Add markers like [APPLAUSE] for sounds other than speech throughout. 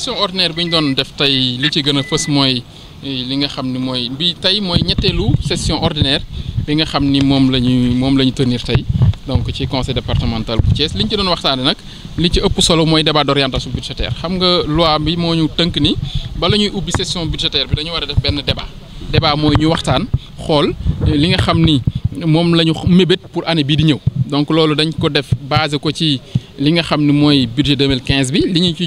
session ordinaire bi ñu doon def tey li ci gën a fës mooy eh, li nga xam ni mooy bi tey mooy ñetteelu session ordinaire bi nga xam ni moom la ñuy moom la ñu tenir tey donc ci conseil départemental bu Thiès li ñu ci doon waxtaane nag li ci ëpp solo mooy débat d'orientation budgétaire xam nga loi bi moo ñu tënk ni bala ñuy ubbi session budgétaire bi dañu war a def benn débat débat mooy ñu waxtaan xool eh, li nga xam ni moom la ñu mébét pour année bii di ñëw donc loolu dañ ko def basé ko ci li nga xam ni mooy budget 2015 bi li ñu ci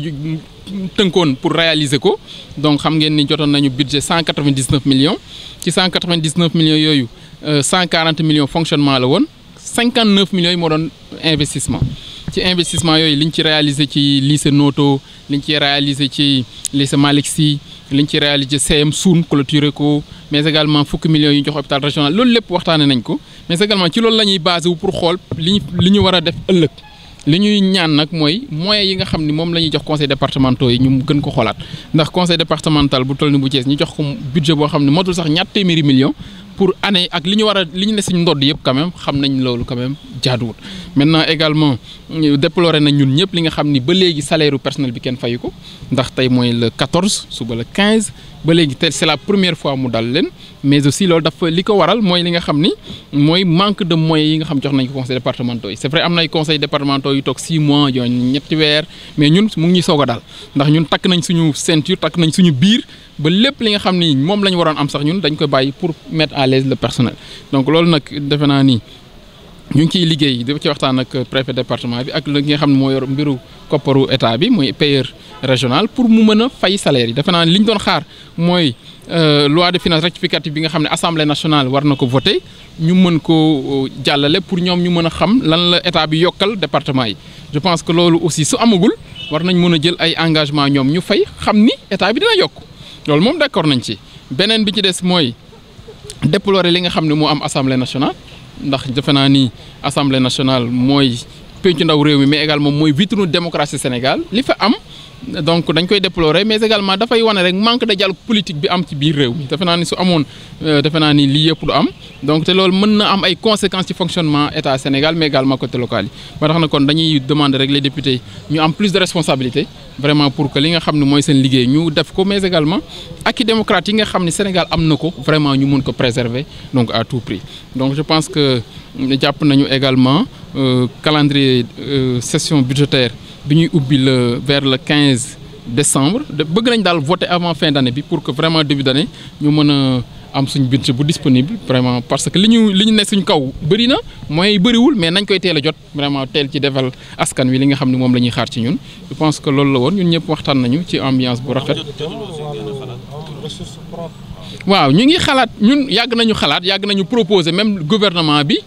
tënkoon pour réaliser ko donc xam ngeen ni jotoon nañu budget cent quatre vingt dix neuf millions ci cent quatre vingt dix neuf millions yooyu euh, cent quarante millions fonctionnement la woon cinquante neuf millions yi moo doon investissement ci investissement yooyu liñ ci réaliser ci lycée Noto liñ ci réaliser ci li lycée Malick Sy liñ ci réaliser CM Suun clôturé ko mais également fukki millions yu jox hôpital régional loolu lépp waxtaane nañ ko mais également ci loolu lañuy ñuy basé wu pour xool li ñu li ñu war def ëllëg. li ñuy ñaan nag mooy moyens yi nga xam ni moom la ñuy jox conseil départementaux yi ñu gën ko xoolaat ndax conseil départemental bu toll ni bu Thiès ñu jox ko budget boo xam ne matul sax ñaar téeméeri millions pour année ak li ñu war a li ñu ne suñ ndodd yëpp quand xam nañ loolu quand jaaduwut maintenant également euh, déploré na ñun ñëpp li nga xam ni ba léegi salaire u personnel bi kenn fayu ko ndax tey mooy le 14 suba le 15 ba léegi te c'est la première fois mu dal leen mais aussi loolu dafa li ko waral mooy li nga xam ni mooy manque de moyens yi nga xam jox nañ conseil départementaux yi c'est vrai am na ay conseils départementaux yu toog 6 mois yoo ñetti weer mais ñun mu ngi ñuy soog ndax ñun takk nañ suñu ceinture takk la ñu waroon am sax ñu ngi ciy liggéey di ci waxtaan ak préfet département ak nga xam ne moo yor mbiru état bi muy payeur régional pour mu mën a fay salaire yi defe naa li ñu doon xaar mooy euh, loi de finance rectificative bi nga xam ne assemblée nationale war na ko voté ñu mën ko euh, jàllale pour ñoom ñu mën a xam lan la état bi yokkal département yi je pense que loolu aussi su amagul war nañ mën a jël ay engagement ñoom ñu fay xam ni état bi dina yokk loolu moom d'accord nañ ci beneen bi ci des mooy déplorer li nga xam ne moo am assemblée nationale ndax defe naa ni assemblée nationale mooy péncu ndaw réew mi mais moom mooy vitrine démocratie Sénégal li fa am. donc dañ koy déplorer mais également dafay wane rek manque de dialogue politique bi am ci biir réew mi defe naa ni su amoon euh, defe naa ni lii yëpp du am donc te loolu mën na am ay conséquence ci fonctionnement état Sénégal mais également côté local yi tax na kon dañuy demander rek les députés ñu am plus de responsabilité vraiment pour que li nga xam ne mooy seen liggéey ñu def ko mais également ak démocrate yi nga xam ni Sénégal am na ko vraiment ñu mun ko préserver donc à tout prix donc je pense que jàpp nañu également euh, calendrier euh, session budgétaire bi ñuy ubbi le vers le quinze décembre bëgg nañ daal voter avant fin d' année bi pour que vraiment début d' année ñu mën a am suñ budget bu disponible vraiment parce que li ñu li ñu ne suñ kaw bëri na mooy bëriwul mais nañ koy teel a jot vraiment teel ci defal askan wi li nga xam ne moom la ñuy xaar ci ñun je pense que loolu la woon ñun ñëpp waxtaan nañu ci ambiance bu rafet. waaw ñu ngi xalaat ñun yàgg nañu xalaat yàgg nañu proposer même gouvernement bi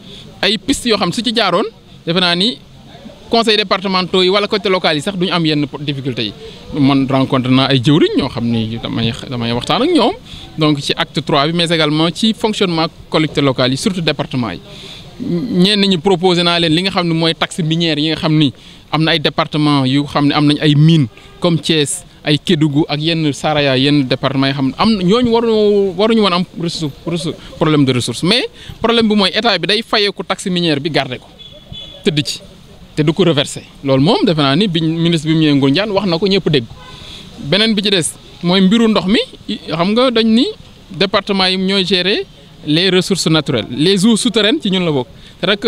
ay piste yoo xam su ci jaaroon conseil départementaux yi wala côté local yi sax duñu am yenn difficulté yi man rencontre naa ay jëwriñ ñoo xam ni damay damay waxtaan ak ñoom donc ci acte 3 bi mais également ci fonctionnement collecte locale yi surtout département yi ñenn ñu proposé naa leen li nga xam ne mooy tax minière yi nga xam ni am na ay département yu xam ne am nañ ay mines comme Thiès ay Kédougou ak yenn Saraya yenn département yi xam ne am na ñooñu waru waruñu woon am ressource problème de ressource mais problème mooy état bi day fayeeku taxe minière bi garder ko tëdd ci te du ko reversé loolu moom defe naa ni biñ ministre bi mu ñëwee Ngour wax na ko ñëpp dégg beneen bi ci des mooy mbiru ndox mi xam nga dañ ni département yi ñooy gérer les ressources naturelles les eaux souterraines ci ñun la bokk rek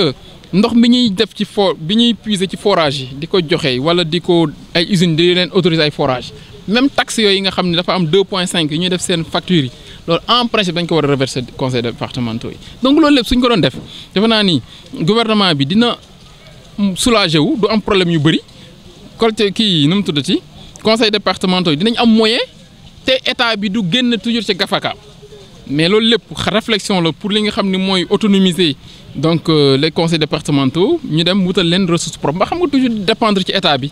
ndox mi ñuy def ci for bi ñuy puiser ci forage yi di ko joxe wala di ko ay usines di leen autoriser ay forage même taxe yooyu nga xam ne dafa am 2.5 yi ñuy def seen factures yi loolu en principe dañ ko war a reverser conseil départementaux yi donc loolu lépp suñ ko doon def defe naa soulagé wu du am problème yu bëri collecte kii nu mu tuddati conseil départemental yi dinañ am moyen te état bi du génn toujours ci gafaka mais loolu lépp réflexion la pour li nga xam ni mooy autonomiser donc euh, les conseils départementaux ñu dem wutal leen ressource propre ba xam nga toujours dépendre ci état bi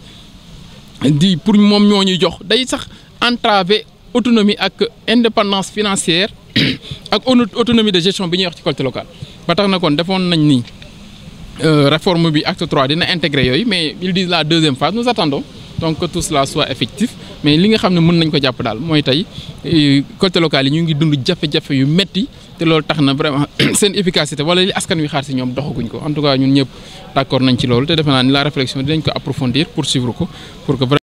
di pour moom ñoo ñuy jox day sax entraver autonomie ak indépendance financière [COUGHS] ak autonomie de gestion bi ñuy wax ci collecte locale ba tax na kon defoon nañ nii. Euh, réforme bi acte 3 dina intégrer yooyu mais ils la deuxième phase nous attendons donc que tout cela soit effectif mais li nga xam ne mën nañ ko jàpp daal mooy tey euh, côté local yi ñu ngi dund jafe-jafe yu metti te loolu tax na vraiment [COUGHS] seen efficacité wala li askan wi xaar si ñoom doxaguñ ko en tout cas ñun ñëpp d'accord nañ ci loolu te defe naa ni la réflexion dinañ ko approfondir poursuivre ko pour que